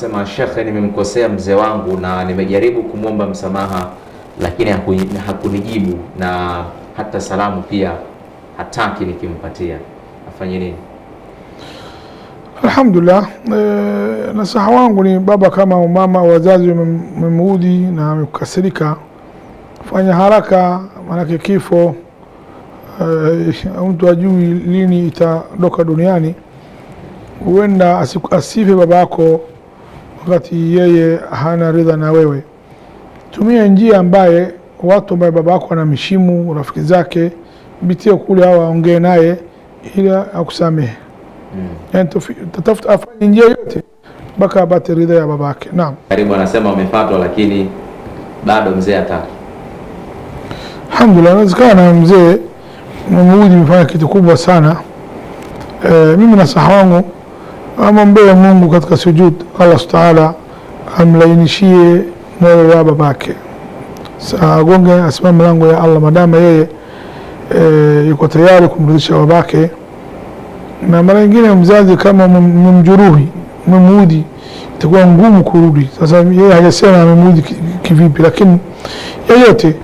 Sema shekhe, nimemkosea mzee wangu na nimejaribu kumwomba msamaha, lakini hakunijibu na hata salamu pia hataki nikimpatia, afanye nini? Alhamdulillah, e, nasaha wangu ni baba kama mama, wazazi wamemuudhi na amekasirika fanya haraka, maanake kifo e, mtu ajui lini itadoka duniani. Huenda asife babako wakati yeye hana ridha na wewe. Tumia njia ambaye watu ambaye baba wako mishimu rafiki zake, mbitie kule au aongee naye ili akusamehe. Mm. Yani tatafuta afanye njia yote mpaka apate ridha ya yake. Naam. Karibu anasema umefatwa, lakini bado mzee ataki. Alhamdulillah, inawezekana mzee Mungu mfanya kitu kubwa sana. E, mimi nasaha wangu amwombee Mungu katika sujud, Allah taala amlainishie moyo wa babake, agonge asimame mlango ya Allah, madama yeye e, yuko tayari kumridhisha babake. Na mara nyingine mzazi kama mmemjuruhi, mmemuudhi, itakuwa ngumu kurudi. Sasa yeye hajasema amemuudhi kivipi, lakini yeyote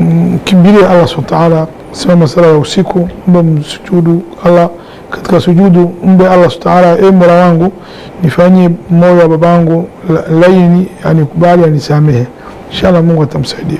mm, kimbilie Allah subhanahu wa ta'ala. Simama sala ya usiku, mbe msujudu Allah katika sujudu, mbe Allah subhanahu wa ta'ala, e Mola wangu nifanyie moyo wa babangu laini, anikubali anisamehe. Inshallah Mungu atamsaidia.